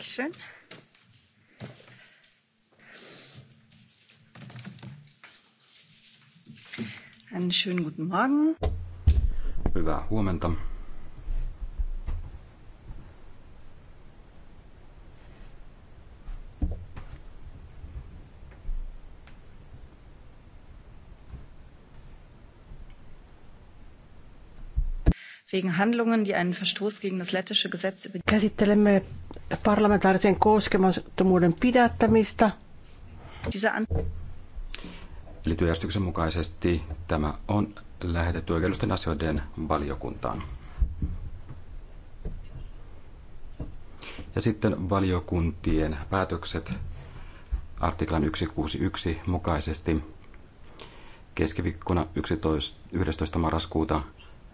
action. Einen schönen guten Morgen. Hyvää huomenta. wegen Handlungen, die einen Verstoß gegen das lettische Gesetz über Käsittelemme parlamentaarisen koskemattomuuden pidättämistä. Eli työjärjestyksen mukaisesti tämä on lähetetty oikeudellisten asioiden valiokuntaan. Ja sitten valiokuntien päätökset artiklan 161 mukaisesti keskiviikkona 11. marraskuuta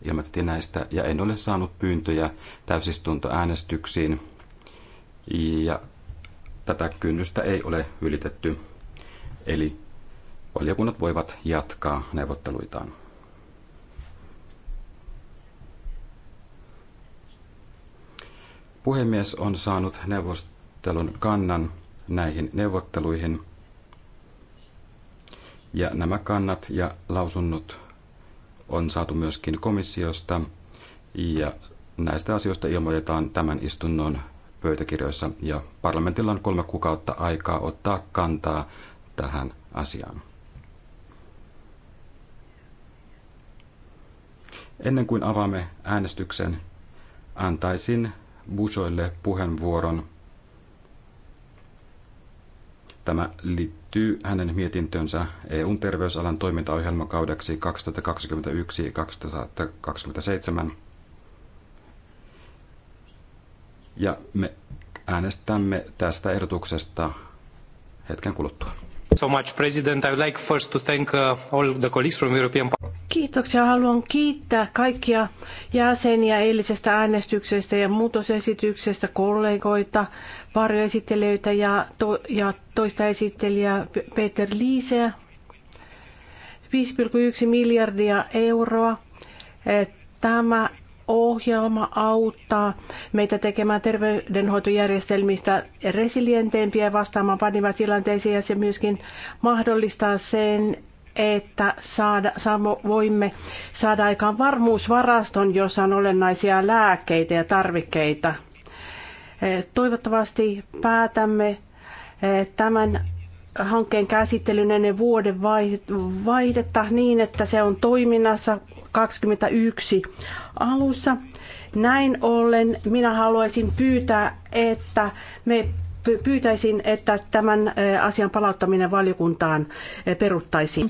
ilmoitettiin näistä ja en ole saanut pyyntöjä täysistuntoäänestyksiin ja tätä kynnystä ei ole ylitetty. Eli valiokunnat voivat jatkaa neuvotteluitaan. Puhemies on saanut neuvostelun kannan näihin neuvotteluihin. Ja nämä kannat ja lausunnot on saatu myöskin komissiosta ja näistä asioista ilmoitetaan tämän istunnon pöytäkirjoissa ja parlamentilla on kolme kuukautta aikaa ottaa kantaa tähän asiaan. Ennen kuin avaamme äänestyksen, antaisin Busoille puheenvuoron Tämä liittyy hänen mietintönsä EUn terveysalan toimintaohjelmakaudeksi 2021-2027. Ja me äänestämme tästä ehdotuksesta hetken kuluttua so much, President. I would like first to thank uh, all the colleagues from European Kiitoksia. Haluan kiittää kaikkia jäseniä eilisestä äänestyksestä ja muutosesityksestä, kollegoita, varjoesittelijöitä ja, to- ja toista esittelijää Peter Liiseä. 5,1 miljardia euroa. Eh, tämä ohjelma auttaa meitä tekemään terveydenhoitojärjestelmistä resilienteempiä vastaamaan tilanteisiin ja se myöskin mahdollistaa sen, että saada, saamo, voimme saada aikaan varmuusvaraston, jossa on olennaisia lääkkeitä ja tarvikkeita. Eh, toivottavasti päätämme eh, tämän hankkeen käsittelyn ennen vuoden vaihdetta niin, että se on toiminnassa 2021 alussa. Näin ollen minä haluaisin pyytää, että me pyytäisin, että tämän asian palauttaminen valiokuntaan peruttaisiin.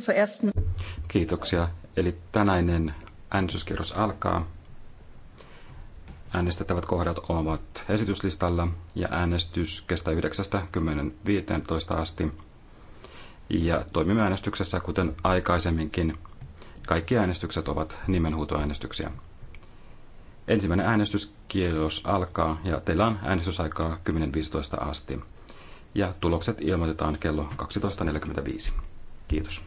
Kiitoksia. Eli tänäinen äänestyskierros alkaa. Äänestettävät kohdat ovat esityslistalla ja äänestys kestää 9.10.15 asti. Ja toimimme äänestyksessä kuten aikaisemminkin. Kaikki äänestykset ovat nimenhuutoäänestyksiä. Ensimmäinen äänestyskielos alkaa ja teillä on äänestysaikaa 10.15 asti. Ja tulokset ilmoitetaan kello 12.45. Kiitos.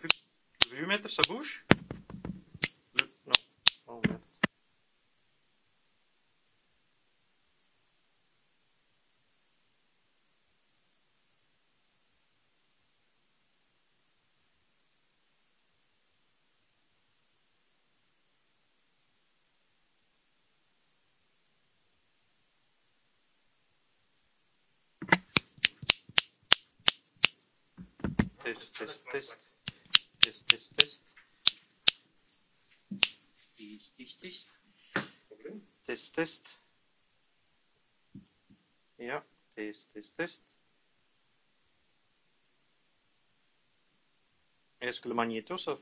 plus, je vais lui mettre sa bouche. Le, non, oh merde. Test, test, test. Test, test, test. Test, test, test. Problem? Test, test. Ja, test, test, test. Est-ce que le magnéto, ça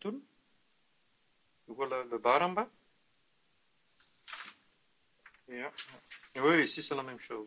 tourne Voilà le bar en bas. Ja. Oui, ici c'est la même chose.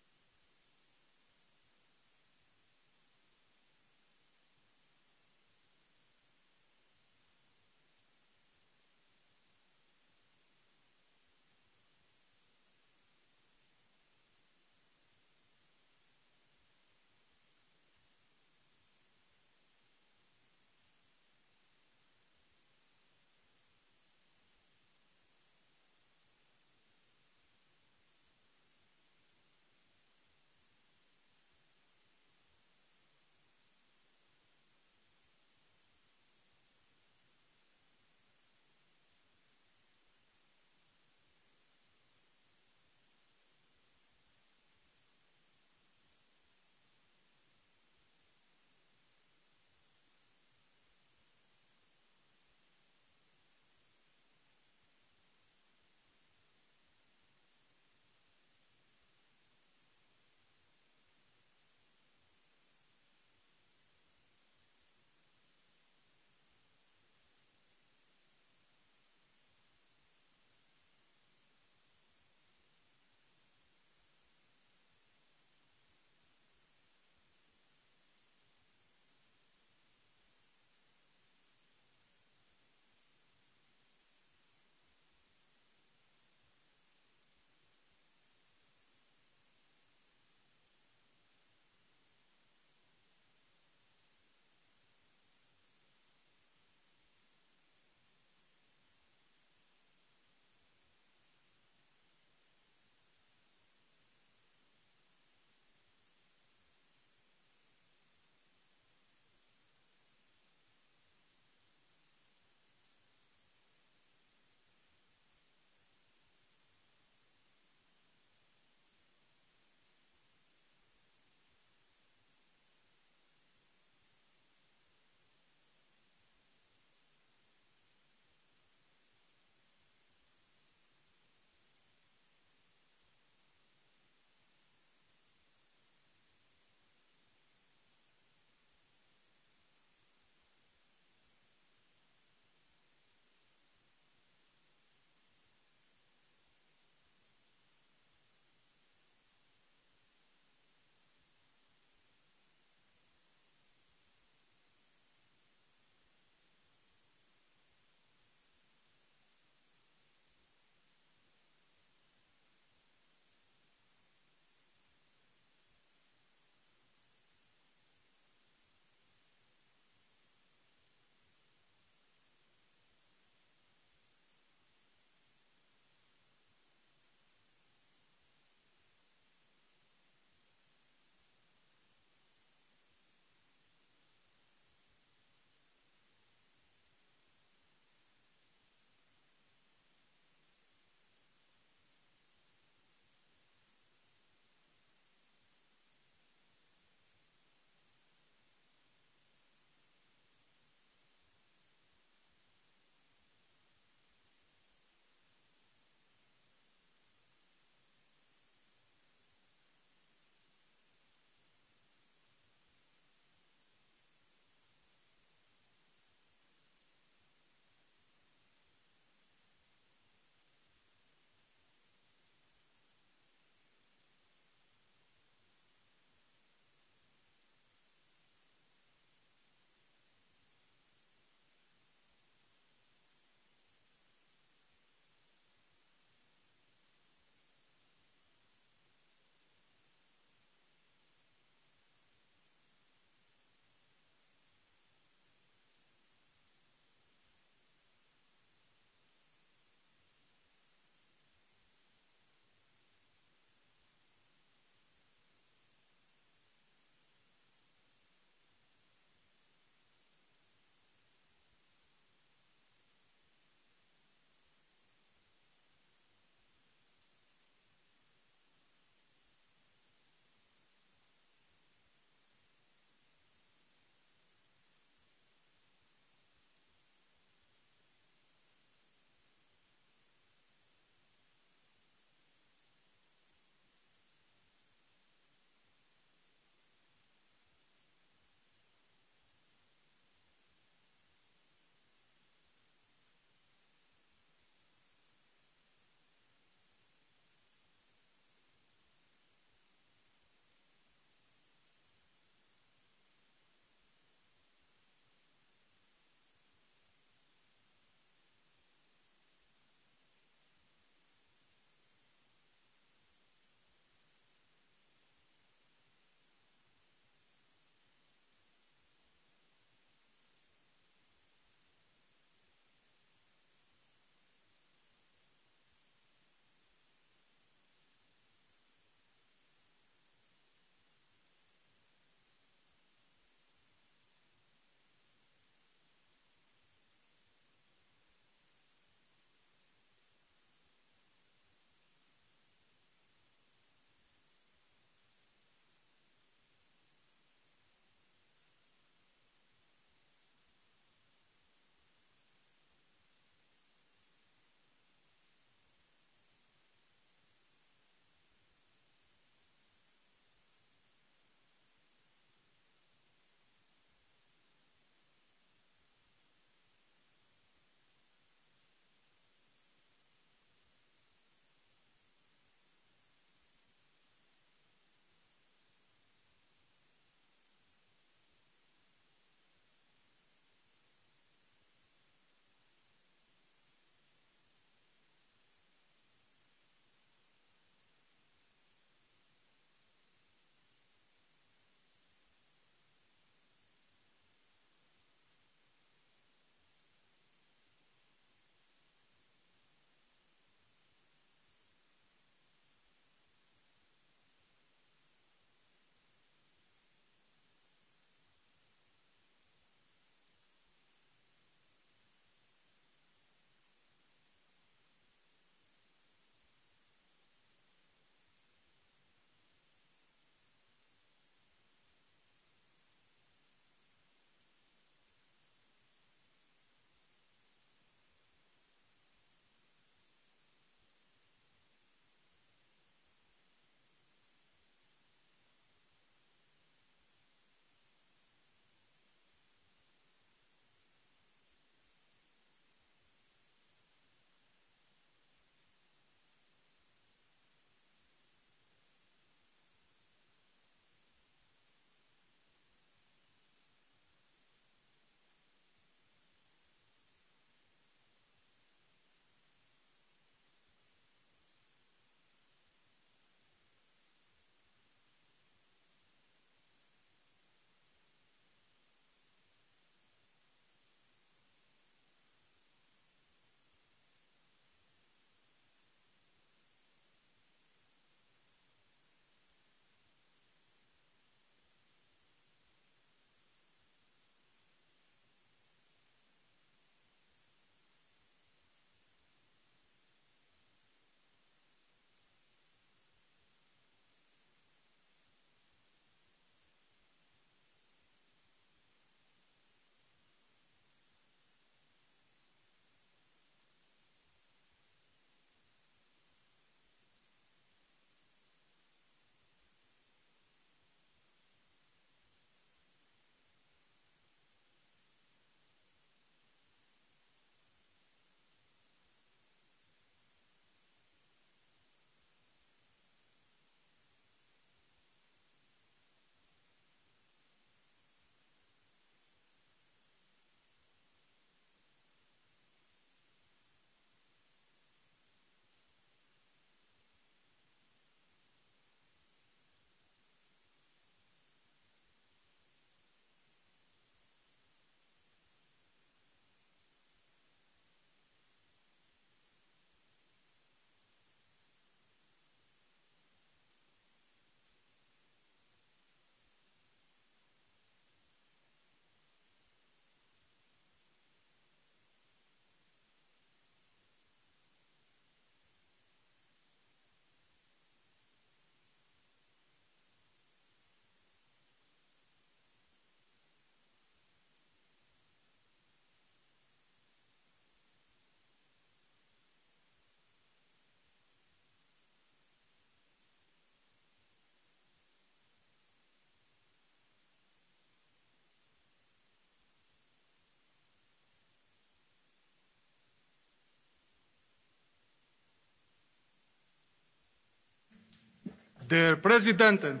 der präsidentin!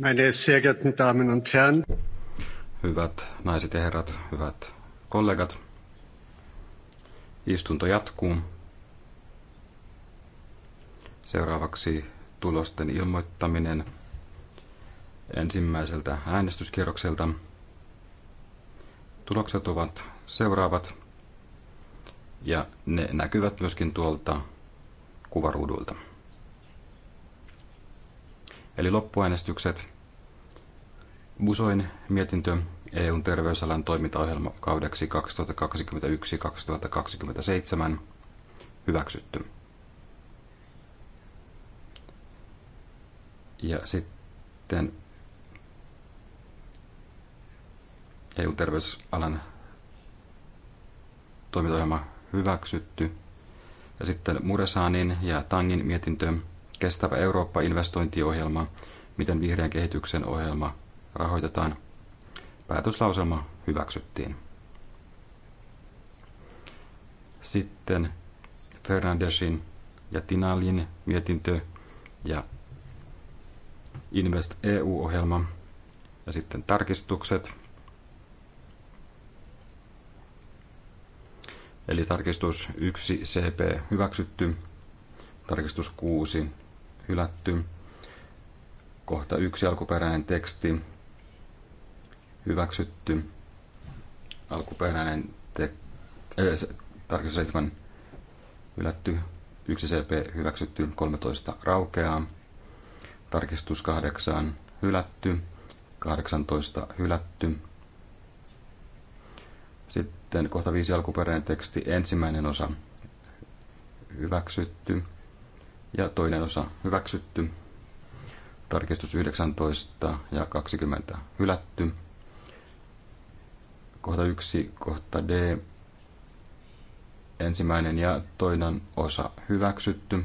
meine sehr geehrten damen und herren! hyvät naiset ja herrat hyvät kollegat istunto jatkuu. Seuraavaksi tulosten ilmoittaminen ensimmäiseltä äänestyskierrokselta. Tulokset ovat seuraavat ja ne näkyvät myöskin tuolta kuvaruudulta. Eli loppuäänestykset. Busoin mietintö EUn terveysalan toimintaohjelma kaudeksi 2021-2027 hyväksytty. Ja sitten EU-terveysalan toimintaohjelma hyväksytty. Ja sitten Muresaanin ja Tangin mietintö Kestävä Eurooppa-investointiohjelma, miten vihreän kehityksen ohjelma rahoitetaan. Päätöslauselma hyväksyttiin. Sitten Fernandesin ja Tinalin mietintö ja Invest EU-ohjelma ja sitten tarkistukset. Eli tarkistus 1 CP hyväksytty, tarkistus 6 hylätty, kohta 1 alkuperäinen teksti hyväksytty, alkuperäinen te- äh, tarkistus 7 hylätty, 1 CP hyväksytty, 13 raukeaa, tarkistus 8 hylätty, 18 hylätty, sitten kohta viisi alkuperäinen teksti, ensimmäinen osa hyväksytty ja toinen osa hyväksytty. Tarkistus 19 ja 20 hylätty. Kohta 1, kohta D, ensimmäinen ja toinen osa hyväksytty.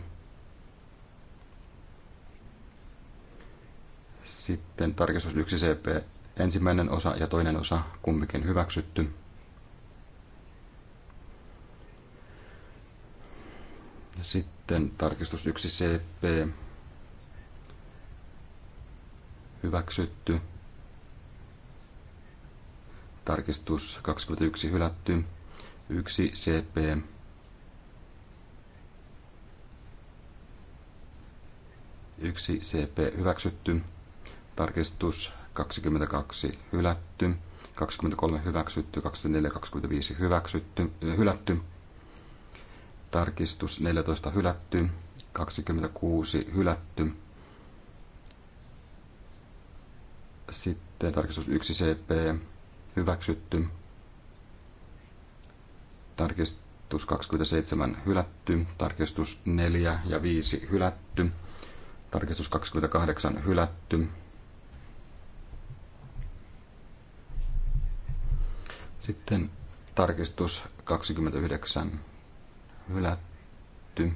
Sitten tarkistus 1 CP, ensimmäinen osa ja toinen osa kumpikin hyväksytty. ja Sitten tarkistus 1 CP hyväksytty. Tarkistus 21 hylätty. 1 CP Yksi CP hyväksytty, tarkistus 22 hylätty, 23 hyväksytty, 24, 25 hyväksytty, hylätty, Tarkistus 14 hylätty, 26 hylätty. Sitten tarkistus 1 CP hyväksytty. Tarkistus 27 hylätty, tarkistus 4 ja 5 hylätty, tarkistus 28 hylätty. Sitten tarkistus 29 hylätty.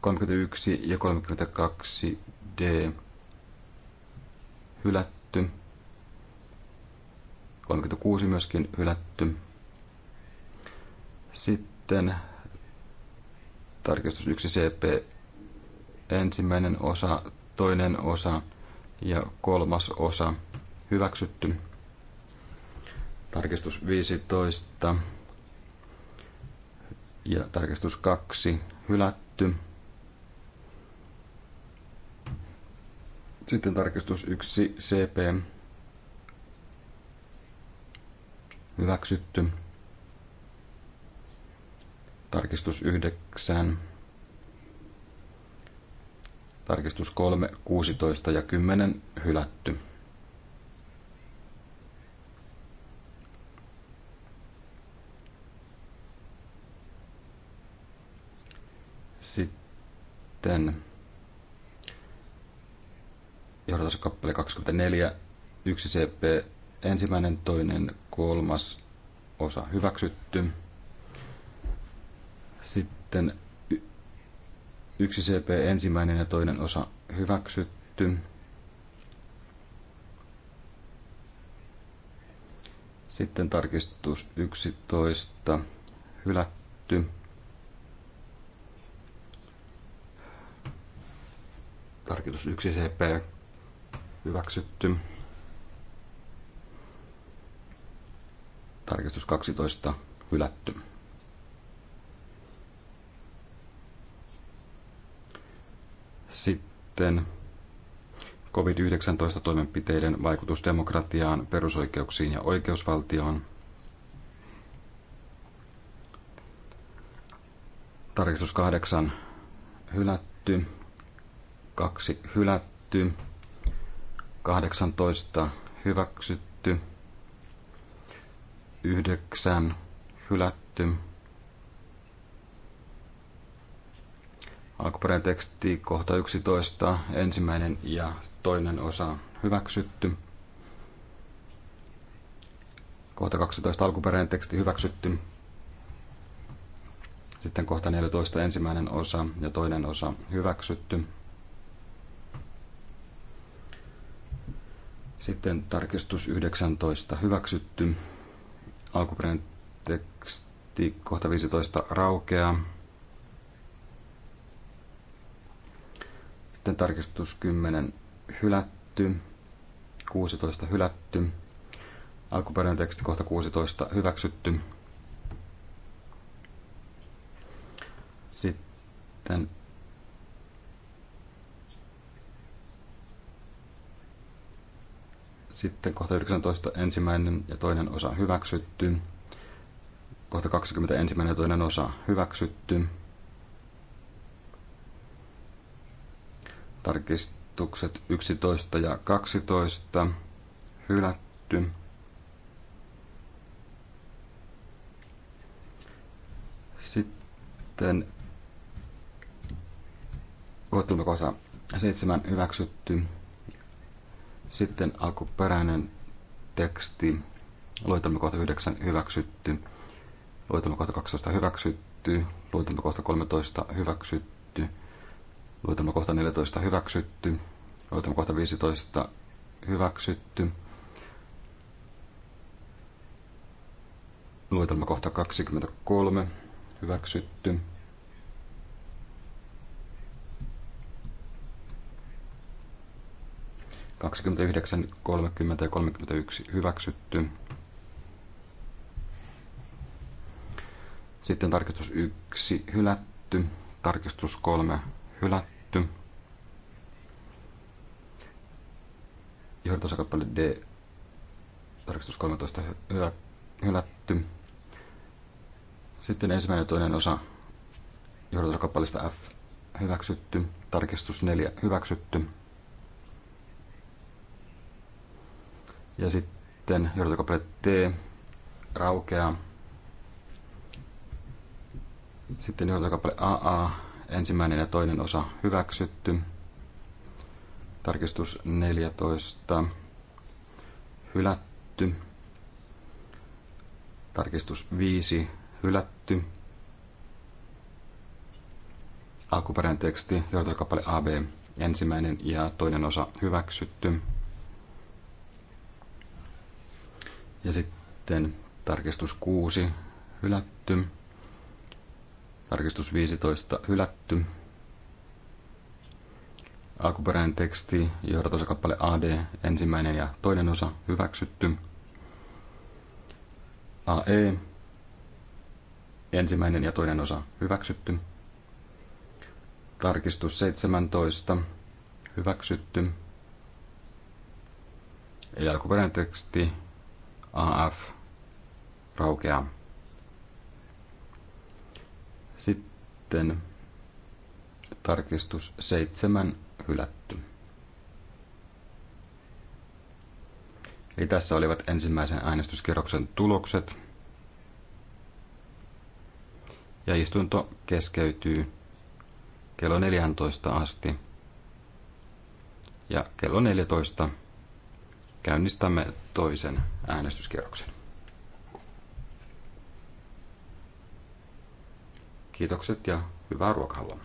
31 ja 32 D hylätty. 36 myöskin hylätty. Sitten tarkistus 1 CP ensimmäinen osa, toinen osa ja kolmas osa hyväksytty. Tarkistus 15 ja tarkistus 2 hylätty. Sitten tarkistus 1 CP hyväksytty. Tarkistus 9. Tarkistus 3, 16 ja 10 hylätty. Sitten johdatuskappale 24, 1 CP, ensimmäinen, toinen, kolmas osa hyväksytty. Sitten 1 CP, ensimmäinen ja toinen osa hyväksytty. Sitten tarkistus 11, hylätty. Tarkistus 1 CP hyväksytty. Tarkistus 12 hylätty. Sitten COVID-19 toimenpiteiden vaikutus demokratiaan, perusoikeuksiin ja oikeusvaltioon. Tarkistus 8 hylätty kaksi hylätty, 18 hyväksytty, 9 hylätty. Alkuperäinen teksti kohta 11, ensimmäinen ja toinen osa hyväksytty. Kohta 12 alkuperäinen teksti hyväksytty. Sitten kohta 14 ensimmäinen osa ja toinen osa hyväksytty. Sitten tarkistus 19 hyväksytty. Alkuperäinen teksti kohta 15 raukeaa. Sitten tarkistus 10 hylätty. 16 hylätty. Alkuperäinen teksti kohta 16 hyväksytty. Sitten Sitten kohta 19 ensimmäinen ja toinen osa hyväksytty. Kohta 20 ensimmäinen ja toinen osa hyväksytty. Tarkistukset 11 ja 12 hylätty. Sitten luettelukosa 7 hyväksytty. Sitten alkuperäinen teksti, luetelma kohta 9 hyväksytty, luetelma kohta 12 hyväksytty, luetelma kohta 13 hyväksytty, luetelma kohta 14 hyväksytty, luetelma kohta 15 hyväksytty, luetelma kohta 23 hyväksytty, 29, 30 ja 31 hyväksytty. Sitten tarkistus 1 hylätty, tarkistus 3 hylätty. Johdatusakappale D, tarkistus 13 hylätty. Sitten ensimmäinen ja toinen osa johdatusakappaleesta F hyväksytty, tarkistus 4 hyväksytty. Ja sitten johdantokappale T raukeaa. Sitten johdantokappale AA, ensimmäinen ja toinen osa hyväksytty. Tarkistus 14 hylätty. Tarkistus 5 hylätty. Alkuperäinen teksti, johdantokappale AB, ensimmäinen ja toinen osa hyväksytty. Ja sitten tarkistus 6 hylätty. Tarkistus 15 hylätty. Alkuperäinen teksti, johdatusosakappale AD, ensimmäinen ja toinen osa hyväksytty. AE, ensimmäinen ja toinen osa hyväksytty. Tarkistus 17 hyväksytty. Eli alkuperäinen teksti, AF raukeaa. Sitten tarkistus 7 hylätty. Eli tässä olivat ensimmäisen äänestyskierroksen tulokset. Ja istunto keskeytyy kello 14 asti. Ja kello 14 käynnistämme toisen äänestyskierroksen. Kiitokset ja hyvää ruokahalua.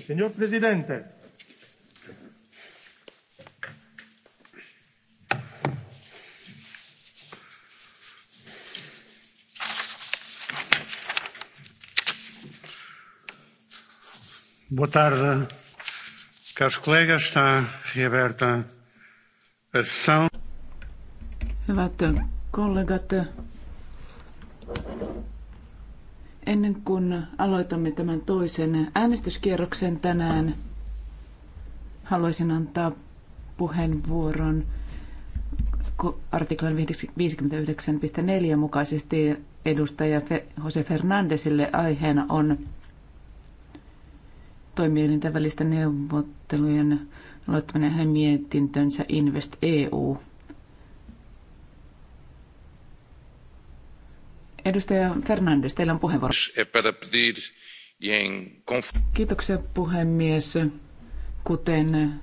Signor Presidente. Boa tarde, caros colegas. Está reaberta a sessão. Ennen kuin aloitamme tämän toisen äänestyskierroksen tänään, haluaisin antaa puheenvuoron artiklan 59.4 mukaisesti edustaja Jose Fernandesille aiheena on toimielinten välisten neuvottelujen aloittaminen hänen mietintönsä Invest EU. Edustaja Fernandes, teillä on puheenvuoro. Kiitoksia puhemies. Kuten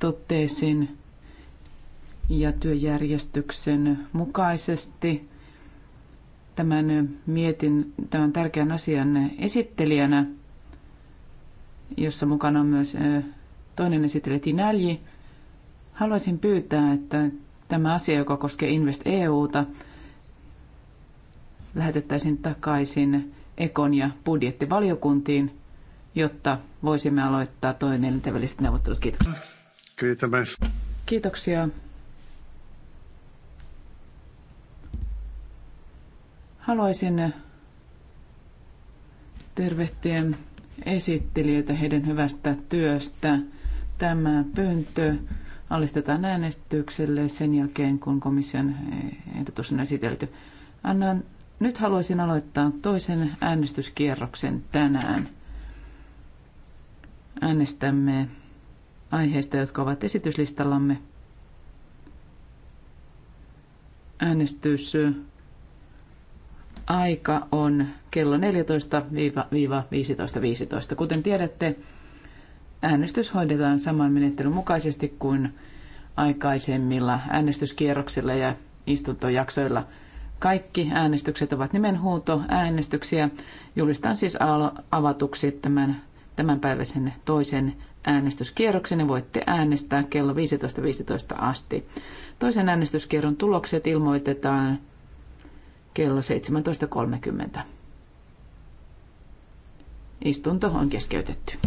totesin ja työjärjestyksen mukaisesti tämän mietin tämän tärkeän asian esittelijänä, jossa mukana on myös toinen esittelijä Tinalji, haluaisin pyytää, että tämä asia, joka koskee Invest EUta, lähetettäisiin takaisin Ekon ja budjettivaliokuntiin, jotta voisimme aloittaa toinen väliset neuvottelut. Kiitoksia. Kiitos. Kiitoksia. Haluaisin tervehtiä esittelijöitä heidän hyvästä työstä. Tämä pyyntö alistetaan äänestykselle sen jälkeen, kun komission ehdotus on esitelty. Annan nyt haluaisin aloittaa toisen äänestyskierroksen tänään. Äänestämme aiheista, jotka ovat esityslistallamme. Äänestys aika on kello 14-15.15. Kuten tiedätte, äänestys hoidetaan saman menettelyn mukaisesti kuin aikaisemmilla äänestyskierroksilla ja istuntojaksoilla – kaikki äänestykset ovat nimenhuuto äänestyksiä. Julistan siis avatuksi tämän tämänpäiväisen toisen äänestyskierroksen ja voitte äänestää kello 15.15 .15 asti. Toisen äänestyskierron tulokset ilmoitetaan kello 17.30. Istunto on keskeytetty.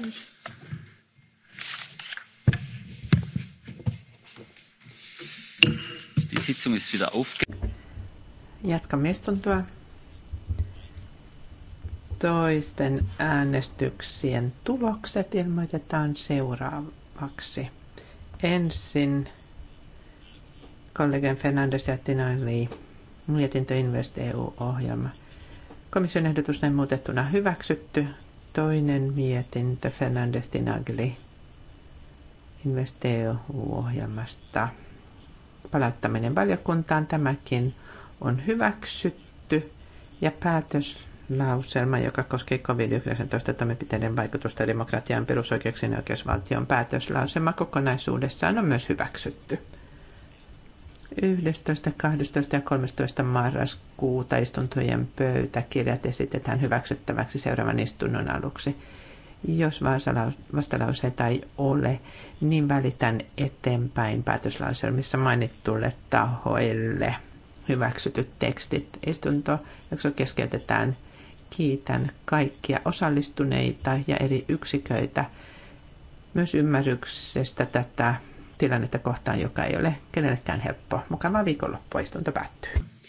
Mensch. Die Sitzung ist wieder aufge... Jatkamme istuntoa. Toisten äänestyksien tulokset ilmoitetaan seuraavaksi. Ensin kollegan Fernandes ja Tinali mietintö Invest EU-ohjelma. Komission ehdotus näin muutettuna hyväksytty. Toinen mietintö Fernandes Tinagli investeo ohjelmasta Palauttaminen valiokuntaan tämäkin on hyväksytty ja päätöslauselma, joka koskee COVID-19 toimenpiteiden vaikutusta demokratian perusoikeuksien ja oikeusvaltion päätöslauselma kokonaisuudessaan on myös hyväksytty. 11., 12. ja 13. marraskuuta istuntojen pöytäkirjat esitetään hyväksyttäväksi seuraavan istunnon aluksi. Jos vastalauseita ei ole, niin välitän eteenpäin päätöslauselmissa mainittuille tahoille hyväksytyt tekstit. Istunto, jakso keskeytetään. Kiitän kaikkia osallistuneita ja eri yksiköitä myös ymmärryksestä tätä tilannetta kohtaan, joka ei ole kenellekään helppo. Mukava viikonloppu, istunto päättyy.